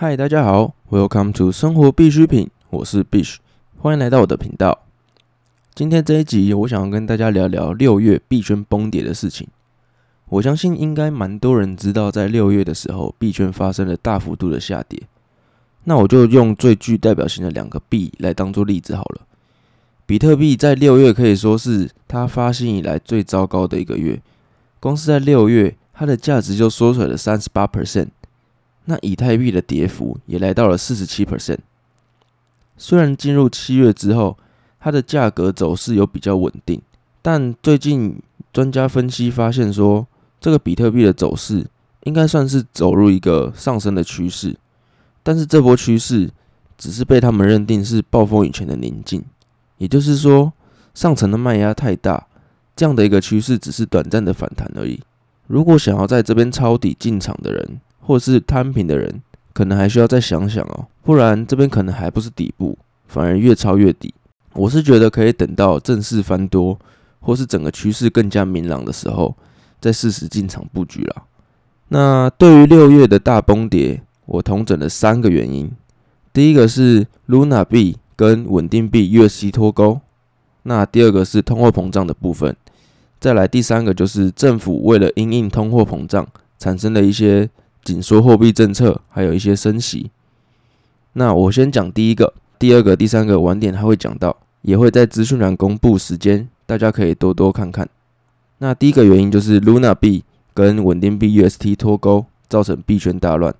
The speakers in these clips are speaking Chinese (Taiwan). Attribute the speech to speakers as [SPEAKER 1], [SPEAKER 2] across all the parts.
[SPEAKER 1] 嗨，大家好，Welcome to 生活幣需品，我是幣許，歡迎來到我的頻道。今天這一集，我想要跟大家聊聊六月幣圈崩跌的事情。我相信應該蠻多人知道，在六月的時候，幣圈發生了大幅度的下跌。那我就用最具代表性的兩個幣來當做例子好了。比特幣在六月可以說是它發行以來最糟糕的一個月，光是在六月，它的價值就縮水了三十八 percent。那以太幣的跌幅也來到了四十七 percent。雖然進入七月之後，它的價格走勢有比較穩定，但最近專家分析發現說，這個比特幣的走勢應該算是走入一個上升的趨勢，但是這波趨勢只是被他們認定是暴風雨前的寧靜，也就是說，上層的賣壓太大，這樣的一個趨勢只是短暫的反彈而已。如果想要在這邊抄底進場的人，或是攤平的人，可能還需要再想想哦，不然這邊可能還不是底部，反而越抄越低。我是覺得可以等到正式翻多，或是整個趨勢更加明朗的時候，再適時進場布局啦。那對於六月的大崩跌，我統整了三個原因：第一個是 Luna 幣跟穩定幣 UST 脫鈎，那第二個是通貨膨脹的部分，再來第三個就是政府為了因應通貨膨脹產生了一些，緊縮貨幣政策，還有一些升息。那我先講第一個，第二個、第三個晚點還會講到，也會在資訊欄公布時間，大家可以多多看看。那第一個原因就是 Luna 幣跟穩定幣 UST 脫鈎，造成幣圈大亂。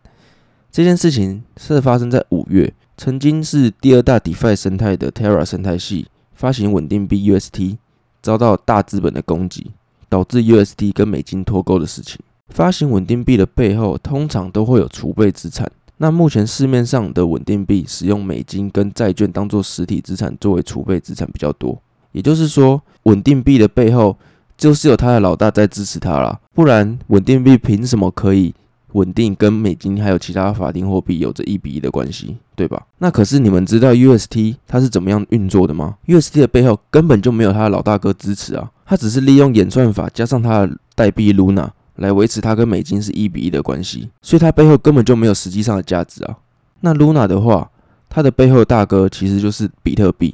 [SPEAKER 1] 這件事情是發生在五月，曾經是第二大 DeFi 生態的 Terra 生態系發行穩定幣 UST，遭到大資本的攻擊，導致 UST 跟美金脫鈎的事情。發行穩定幣的背後，通常都會有儲備資產。那目前市面上的穩定幣，使用美金跟債券當做實體資產作為儲備資產比較多。也就是說，穩定幣的背後就是有他的老大在支持他啦，不然穩定幣憑什麼可以穩定跟美金還有其他法定貨幣有着一比一的關係，對吧？那可是你們知道 UST 它是怎麼樣運作的嗎？UST 的背後根本就沒有它的老大哥支持啊，它只是利用演算法加上它的代幣 Luna。來維持它跟美金是一比一的關係，所以它背後根本就沒有實際上的價值啊。那 Luna 的話，它的背後大哥其實就是比特幣，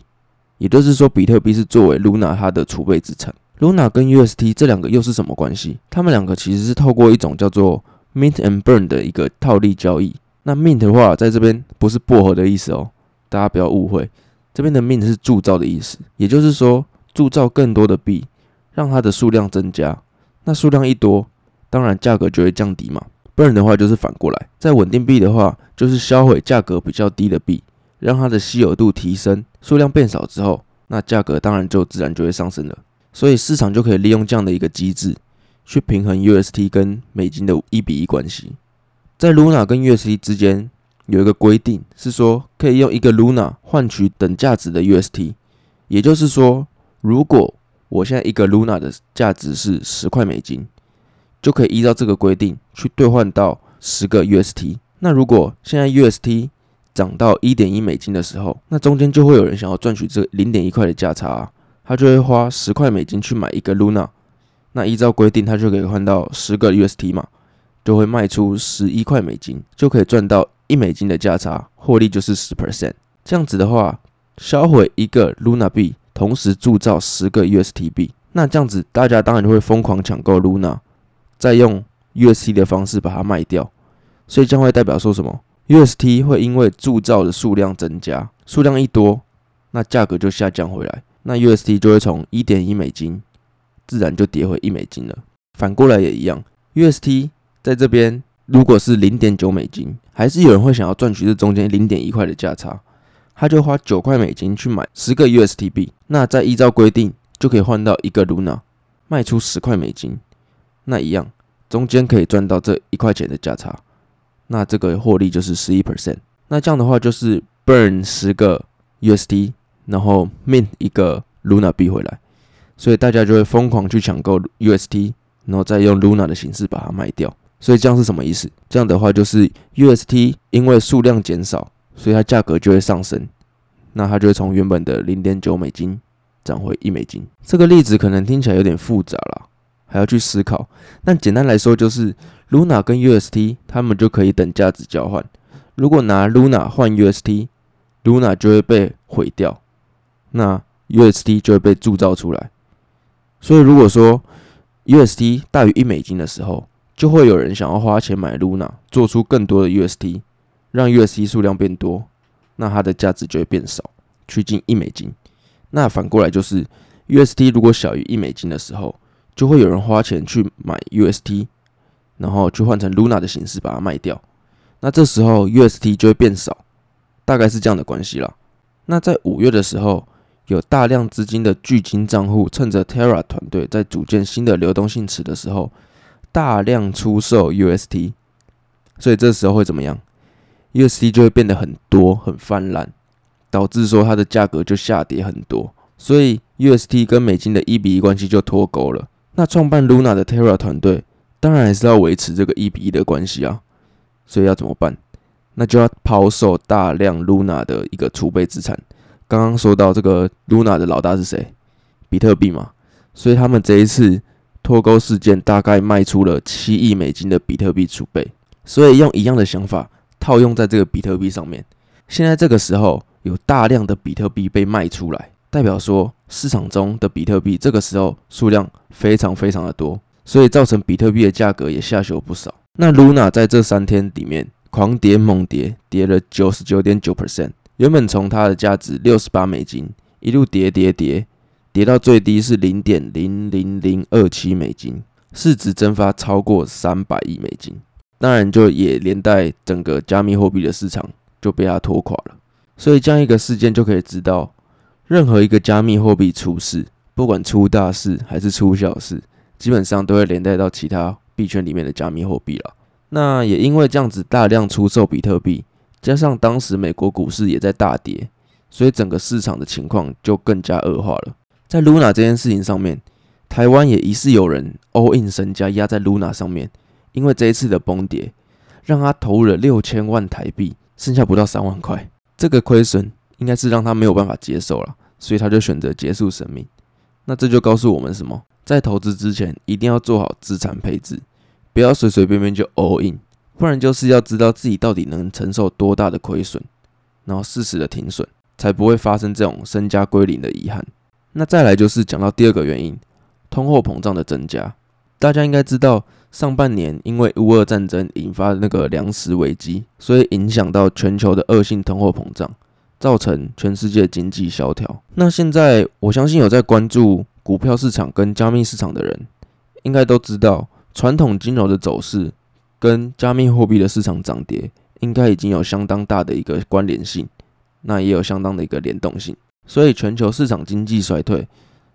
[SPEAKER 1] 也就是說，比特幣是作為 Luna 它的儲備資產。Luna 跟 UST 這兩個又是什麼關係？它們兩個其實是透過一種叫做 Mint and Burn 的一個套利交易。那 Mint 的話，在這邊不是薄荷的意思哦，大家不要誤會，這邊的 Mint 是鑄造的意思，也就是說鑄造更多的幣，讓它的數量增加。那數量一多，當然，價格就會降低嘛，不然的話就是反過來，在穩定幣的話，就是銷毀價格比較低的幣，讓它的稀有度提升，數量變少之後，那價格當然就自然就會上升了。所以市場就可以利用這樣的一個機制，去平衡 UST 跟美金的一比一關係。在 Luna 跟 UST 之間有一個規定，是說可以用一個 Luna 換取等價值的 UST，也就是說，如果我現在一個 Luna 的價值是十塊美金，就可以依照這個規定去兌換到十個 UST。那如果現在 UST 漲到一點一美金的時候，那中間就會有人想要賺取這零點一塊的價差啊，他就會花十塊美金去買一個 Luna。那依照規定，他就可以換到十個 UST 嘛，就會賣出十一塊美金，就可以賺到一美金的價差，獲利就是十 percent。這樣子的話，銷毀一個 Luna 幣，同時鑄造十個 UST 幣，那這樣子大家當然就會瘋狂搶購 Luna。再用 U S T 的方式把它賣掉，所以將會代表說什麼？U S T 會因為鑄造的數量增加，數量一多，那價格就下降回來。那 U S T 就會從一點一美金，自然就跌回一美金了。反過來也一樣，U S T 在這邊如果是零點九美金，還是有人會想要賺取這中間零點一塊的價差，他就花九塊美金去買十個 U S T 幣，那再依照規定就可以換到一個 Luna，賣出十塊美金。那一樣，中間可以賺到這一塊錢的價差，那這個獲利就是十一 percent。那這樣的話就是 burn 十個 UST，然後 mint 一個 Luna 幣回來，所以大家就會瘋狂去搶購 UST，然後再用 Luna 的形式把它賣掉。所以這樣是什麼意思？這樣的話就是 UST 因為數量減少，所以它價格就會上升，那它就會從原本的零點九美金漲回一美金。這個例子可能聽起來有點複雜了。還要去思考。但簡單來說，就是 Luna 跟 UST 它們就可以等價值交換。如果拿 Luna 換 UST，Luna 就會被毀掉，那 UST 就會被鑄造出來。所以如果說 UST 大於一美金的時候，就會有人想要花錢買 Luna，做出更多的 UST，讓 UST 數量變多，那它的價值就會變少，趨近一美金。那反過來就是，UST 如果小於一美金的時候，就會有人花錢去買 UST，然後去換成 Luna 的形式把它賣掉。那這時候 UST 就會變少，大概是這樣的關係啦。那在五月的時候，有大量資金的巨鯨賬戶趁着 Terra 團隊在組建新的流動性池的時候，大量出售 UST，所以這時候會怎麼樣？UST 就會變得很多很泛濫，導致說它的價格就下跌很多。所以 UST 跟美金的一比一關係就脫鈎了。那創辦 Luna 的 Terra 團隊當然還是要維持這個一比一的關係啊，所以要怎麼辦？那就要拋售大量 Luna 的一個儲備資產。剛剛說到這個 Luna 的老大是誰？比特幣嘛，所以他們這一次脫鈎事件大概賣出了七億美金的比特幣儲備。所以用一樣的想法套用在這個比特幣上面。現在這個時候有大量的比特幣被賣出來。代表說，市場中的比特幣這個時候數量非常非常的多，所以造成比特幣的價格也下修不少。那 Luna 在這三天裡面狂跌猛跌，跌了九十九點九 percent，原本從它的價值六十八美金一路跌跌跌，跌到最低是零點零零零二七美金，市值蒸發超過三百億美金。當然就也連帶整個加密貨幣的市場就被它拖垮了。所以這樣一個事件就可以知道。任何一個加密貨幣出事，不管出大事還是出小事，基本上都會連帶到其他幣圈裡面的加密貨幣了。那也因為這樣子大量出售比特幣，加上當時美國股市也在大跌，所以整個市場的情況就更加惡化了。在 Luna 這件事情上面，台灣也疑似有人 All In 身家壓在 Luna 上面，因為這一次的崩跌，讓他投入了六千萬台幣，剩下不到三萬塊，這個虧損。應該是讓他沒有辦法接受了，所以他就選擇結束生命。那這就告訴我們什麼？在投資之前，一定要做好資產配置，不要隨隨便便就 all in，不然就是要知道自己到底能承受多大的虧損，然後適時的停損，才不會發生這種身家歸零的遺憾。那再來就是講到第二個原因，通貨膨脹的增加。大家應該知道，上半年因為烏俄戰爭引發的那個糧食危機，所以影響到全球的惡性通貨膨脹。造成全世界經濟蕭條。那現在，我相信有在關注股票市場跟加密市場的人，應該都知道，傳統金融的走勢跟加密貨幣的市場漲跌，應該已經有相當大的一個關聯性，那也有相當的一個聯動性。所以，全球市場經濟衰退，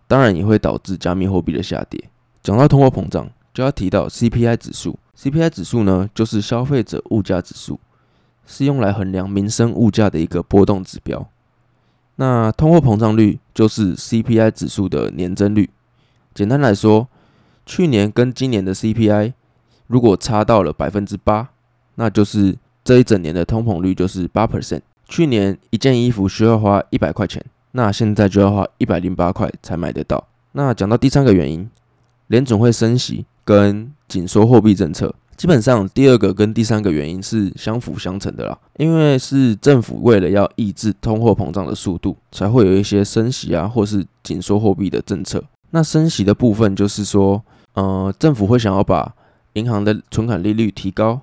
[SPEAKER 1] 當然也會導致加密貨幣的下跌。講到通貨膨脹，就要提到 CPI 指數。CPI 指數呢，就是消費者物價指數。是用來衡量民生物價的一個波動指標。那通貨膨脹率就是 CPI 指數的年增率。簡單來說，去年跟今年的 CPI 如果差到了百分之八，那就是這一整年的通膨率就是八 percent。去年一件衣服需要花一百塊錢，那現在就要花一百零八塊才買得到。那講到第三個原因，聯準會升息跟緊縮貨幣政策。基本上，第二個跟第三個原因是相輔相成的啦，因為是政府為了要抑制通貨膨脹的速度，才會有一些升息啊，或是緊縮貨幣的政策。那升息的部分就是說，呃，政府會想要把銀行的存款利率提高，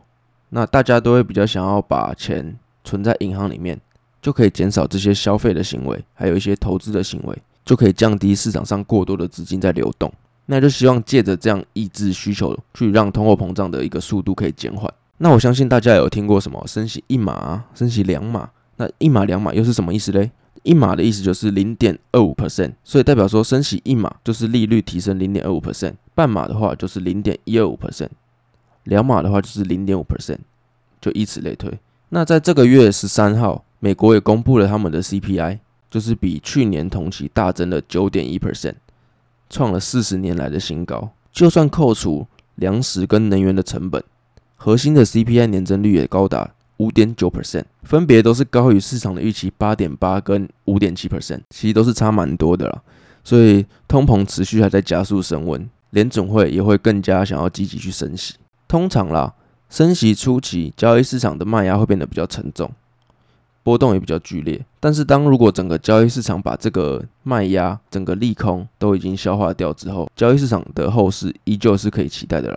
[SPEAKER 1] 那大家都會比較想要把錢存在銀行裡面，就可以減少這些消費的行為，還有一些投資的行為，就可以降低市場上過多的資金在流動。那就希望借着這樣抑制需求，去讓通貨膨脹的一個速度可以減緩。那我相信大家有聽過什麼升息一碼、啊、升息兩碼？那一碼兩碼又是什麼意思嘞？一碼的意思就是零點二五 percent，所以代表說升息一碼就是利率提升零點二五 percent，半碼的話就是零點一二五 percent，兩碼的話就是零點五 percent，就以此類推。那在這個月十三號，美國也公布了他們的 CPI，就是比去年同期大增了九點一 percent。創了四十年來的新高，就算扣除糧食跟能源的成本，核心的 CPI 年增率也高達五點九 percent，分別都是高於市場的預期八點八跟五點七 percent，其實都是差蠻多的啦。所以通膨持續還在加速升溫，聯準會也會更加想要積極去升息。通常啦，升息初期，交易市場的賣壓會變得比較沉重。波動也比較劇烈，但是當如果整個交易市場把這個賣壓、整個利空都已經消化掉之後，交易市場的後市依舊是可以期待的了。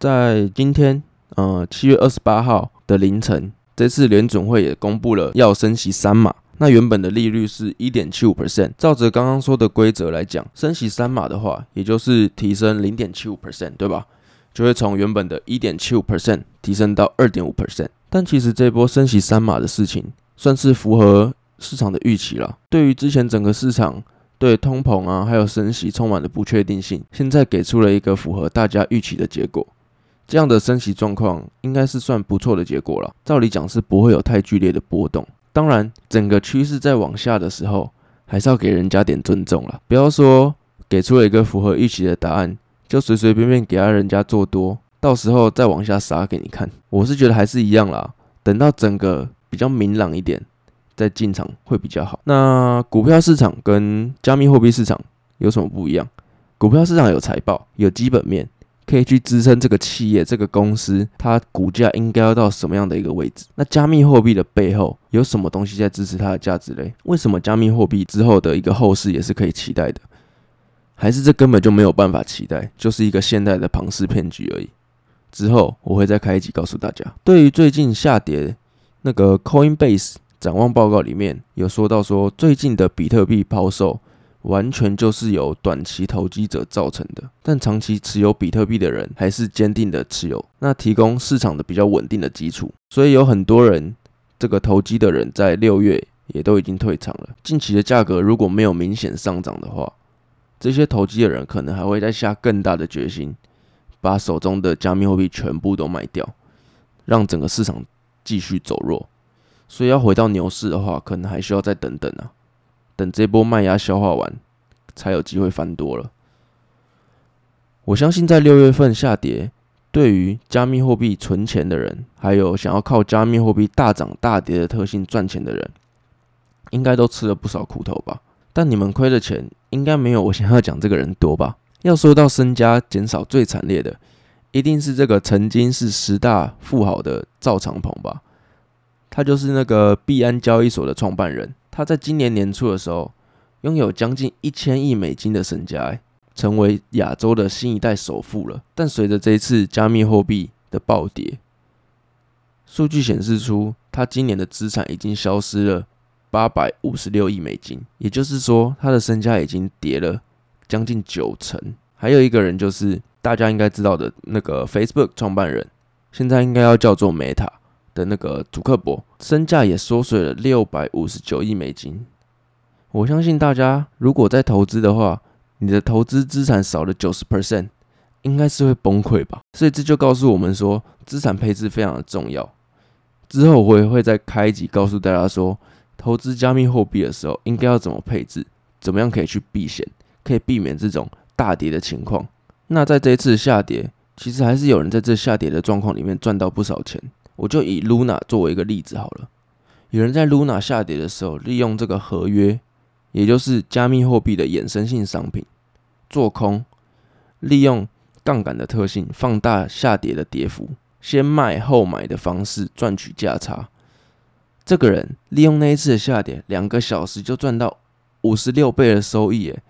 [SPEAKER 1] 在今天，呃，七月二十八號的凌晨，這次聯準會也公布了要升息三碼，那原本的利率是一點七五 percent，照着剛剛說的規則來講，升息三碼的話，也就是提升零點七五 percent，對吧？就會從原本的一點七五 percent 提升到二點五 percent。但其實這波升息三碼的事情。算是符合市場的預期啦。對於之前整個市場對通膨啊，還有升息充滿了不確定性，現在給出了一個符合大家預期的結果，這樣的升息狀況應該是算不錯的結果了。照理講是不會有太劇烈的波動。當然，整個趨勢在往下的時候，還是要給人家點尊重了。不要說給出了一個符合預期的答案，就隨隨便便給他人家做多，到時候再往下殺給你看。我是覺得還是一樣啦，等到整個。比較明朗一點，再進場會比較好。那股票市場跟加密貨幣市場有什麼不一樣？股票市場有財報，有基本面，可以去支撐這個企業、這個公司它股價應該要到什麼樣的一個位置。那加密貨幣的背後有什麼東西在支持它的價值嘞？為什麼加密貨幣之後的一個後市也是可以期待的？還是這根本就沒有辦法期待，就是一個現代的龐氏騙局而已。之後我會再開一集告訴大家。對於最近下跌，那個 Coinbase 展望報告裡面有說到，說最近的比特幣拋售完全就是由短期投機者造成的，但長期持有比特幣的人還是堅定的持有，那提供市場的比較穩定的基礎。所以有很多人，這個投機的人在六月也都已經退場了。近期的價格如果沒有明顯上漲的話，這些投機的人可能還會再下更大的決心，把手中的加密貨幣全部都賣掉，讓整個市場繼續走弱，所以要回到牛市的話，可能還需要再等等啊，等這波賣壓消化完，才有機會翻多了。我相信在六月份下跌，對於加密貨幣存錢的人，還有想要靠加密貨幣大漲大跌的特性賺錢的人，應該都吃了不少苦頭吧。但你們虧的錢，應該沒有我想要講這個人多吧？要說到身家減少最慘烈的。一定是這個曾經是十大富豪的趙長鵬吧？他就是那個幣安交易所的創辦人。他在今年年初的時候，擁有將近一千億美金的身家耶，成為亞洲的新一代首富了。但隨着這一次加密貨幣的暴跌，數據顯示出他今年的資產已經消失了八百五十六億美金，也就是說，他的身家已經跌了將近九成。還有一個人就是。大家應該知道的那個 Facebook 創辦人，現在應該要叫做 Meta 的那個祖克伯，身價也縮水了六百五十九億美金。我相信大家如果在投資的話，你的投資資產少了九十 percent，應該是會崩潰吧。所以這就告訴我們說，資產配置非常的重要。之後我也會再開一集告訴大家說，投資加密貨幣的時候應該要怎麼配置，怎麼樣可以去避險，可以避免這種大跌的情況。那在這一次下跌，其實還是有人在這下跌的狀況裡面賺到不少錢。我就以 Luna 作為一個例子好了。有人在 Luna 下跌的時候，利用這個合約，也就是加密貨幣的衍生性商品做空，利用槓桿的特性放大下跌的跌幅，先賣後買的方式賺取價差。這個人利用那一次的下跌，兩個小時就賺到五十六倍的收益，耶，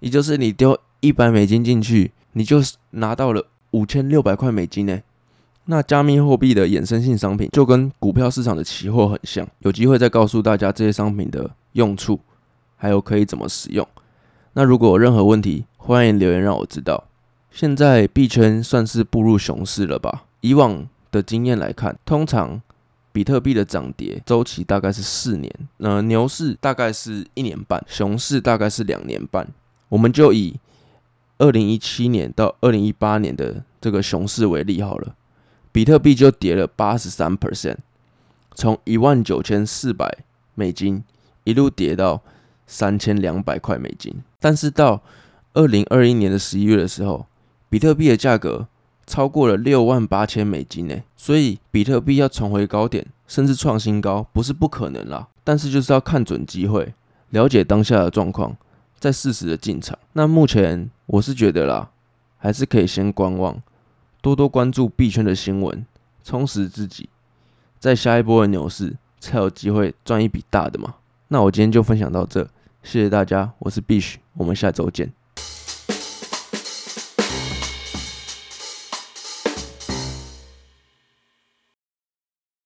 [SPEAKER 1] 也就是你丟一百美金進去。你就是拿到了五千六百塊美金呢、欸。那加密貨幣的衍生性商品就跟股票市場的期貨很像，有機會再告訴大家這些商品的用處，還有可以怎麼使用。那如果有任何問題，歡迎留言讓我知道。現在幣圈算是步入熊市了吧？以往的經驗來看，通常比特幣的漲跌周期大概是四年，那、呃、牛市大概是一年半，熊市大概是兩年半。我們就以。二零一七年到二零一八年的這個熊市為例好了，比特幣就跌了八十三 percent，從一萬九千四百美金一路跌到三千兩百塊美金。但是到二零二一年的十一月的時候，比特幣的價格超過了六萬八千美金耶，所以比特幣要重回高點，甚至創新高，不是不可能啦。但是就是要看準機會，了解當下的狀況。在適時的進場。那目前我是覺得啦，還是可以先觀望，多多關注幣圈的新聞，充實自己，在下一波的牛市才有機會賺一筆大的嘛。那我今天就分享到這，謝謝大家，我是幣許，我們下周見。